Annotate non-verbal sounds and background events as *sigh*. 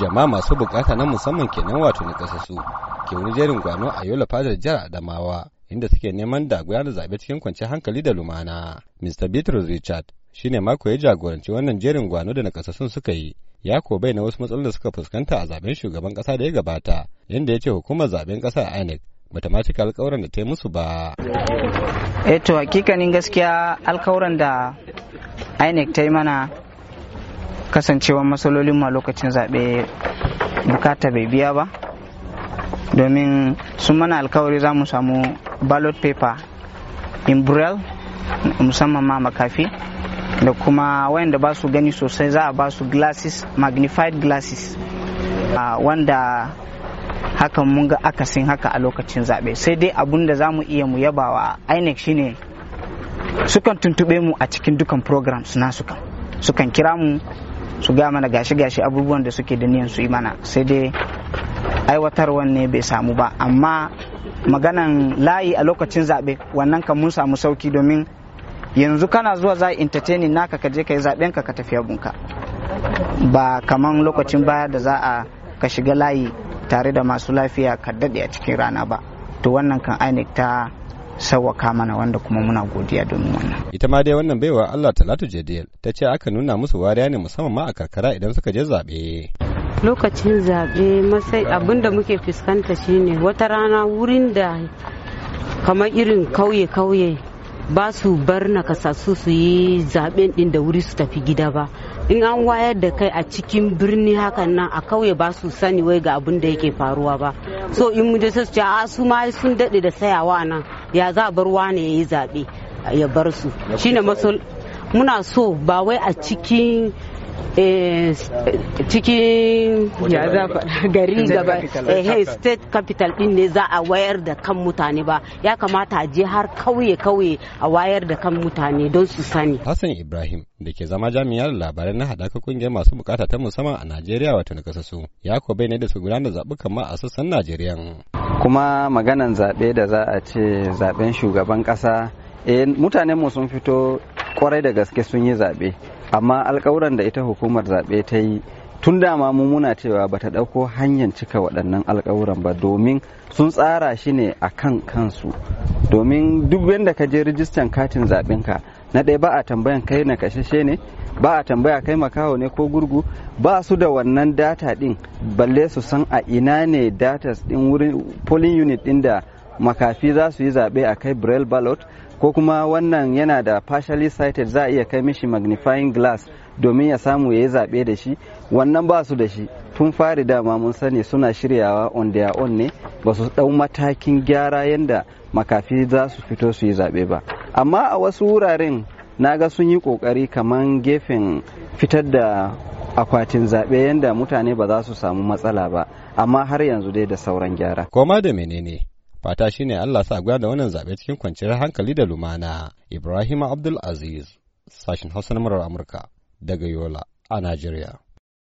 jama'a masu bukata na musamman kenan wato na su ke wani jerin gwano a yola fadar jihar adamawa inda suke neman da gudanar zaɓe cikin kwanciyar hankali da lumana mr bitrus richard shi ne mako ya jagoranci wannan jerin gwano da nakasassun suka yi ya ko bai na wasu matsalolin da suka fuskanta a zaben shugaban ƙasa da ya gabata inda ya ce hukumar zaben kasa inec bata ma cika alkawuran da ta yi musu ba eh to hakikanin gaskiya alkawuran da inec ta yi mana kasancewar matsalolin ma lokacin zaɓe bukata bai biya ba domin sun mana alkawari za mu samu ballot paper in braille musamman ma makafi da kuma wayanda ba su gani sosai za a ba su glasses magnified glasses uh, wanda hakan mun ga akasin haka a lokacin zaɓe sai dai abun da za mu iya mu yabawa inec shine sukan tuntube mu a cikin dukan programs na sukan sukan kira mu su ga mana gashi gashi abubuwan da suke da niyan su yi mana sai dai aiwatarwan ne bai samu ba amma maganan layi a lokacin zaɓe wannan kan mun samu sauki domin yanzu kana zuwa za entertaining naka ka je ka yi zaɓen ka ka tafi abunka ba kaman lokacin baya da za a ka shiga layi tare da masu lafiya ka daɗe a cikin rana ba to wannan kan inec ta sauwaka mana wanda kuma muna godiya domin wannan. Ita ma dai wannan baiwa Allah Talatu Jadiyel ta ce aka nuna musu wariya ne musamman ma a karkara idan suka je zaɓe. Lokacin zaɓe masai abin da muke fuskanta shine wata rana wurin da kamar irin kauye-kauye ba su bar na kasasu su yi zaɓen ɗin da wuri su tafi gida ba. in an wayar da kai a cikin birni hakan nan a kauye ba su sani wai ga abin da yake faruwa ba so in mu su ce a su ma sun daɗe da sayawa nan ya za a bar wane ya yi zaɓe ya bar su ne masu muna so ba wai a cikin eh, cikin ya za *laughs* gari gaba eh, eh, state capital din ne za a wayar da kan mutane ba ya kamata a je har kauye-kauye a wayar da kan mutane don su sani hassan ibrahim da ke zama jami'ar labarai na haɗaka kungiyar masu bukata ta musamman a najeriya wata na kasasu ya ko ne da su gudanar zaɓukan ma a sassan najeriya kuma maganan zaɓe da za a ce zaɓen shugaban ƙasa eh, mutanen mu sun fito kwarai da gaske sun yi zaɓe amma alkawuran da ita hukumar zaɓe ta yi tun dama mu muna cewa ba ta ɗauko hanyar cika waɗannan alkawuran ba domin sun tsara shi ne a kan kansu domin duk wanda ka je rijistan katin ka. na ɗaya ba a tambayan kai na kashashe ne ba a tambaya kai makaho ne ko gurgu ba su da wannan data ɗin balle su san a ina ne data ɗin wurin polling unit ɗin da makafi za su yi zaɓe a kai braille ballot ko kuma wannan yana da partially sighted za a iya kai mishi magnifying glass domin ya samu ya yi zaɓe da shi wannan ba su da shi tun fari dama mun sani suna shiryawa on their own ne ba su ɗau matakin gyara yadda makafi za su fito su yi zaɓe ba amma a wasu wuraren na ga sun yi kokari kamar gefen fitar da akwatin zaɓe yadda mutane ba za su samu matsala ba amma har yanzu dai da sauran gyara koma da menene fata shine Allah sa guda da wannan zaɓe cikin kwanciyar hankali da lumana Ibrahim Abdul Aziz sashin Hausa na murar Amurka daga Yola a Najeriya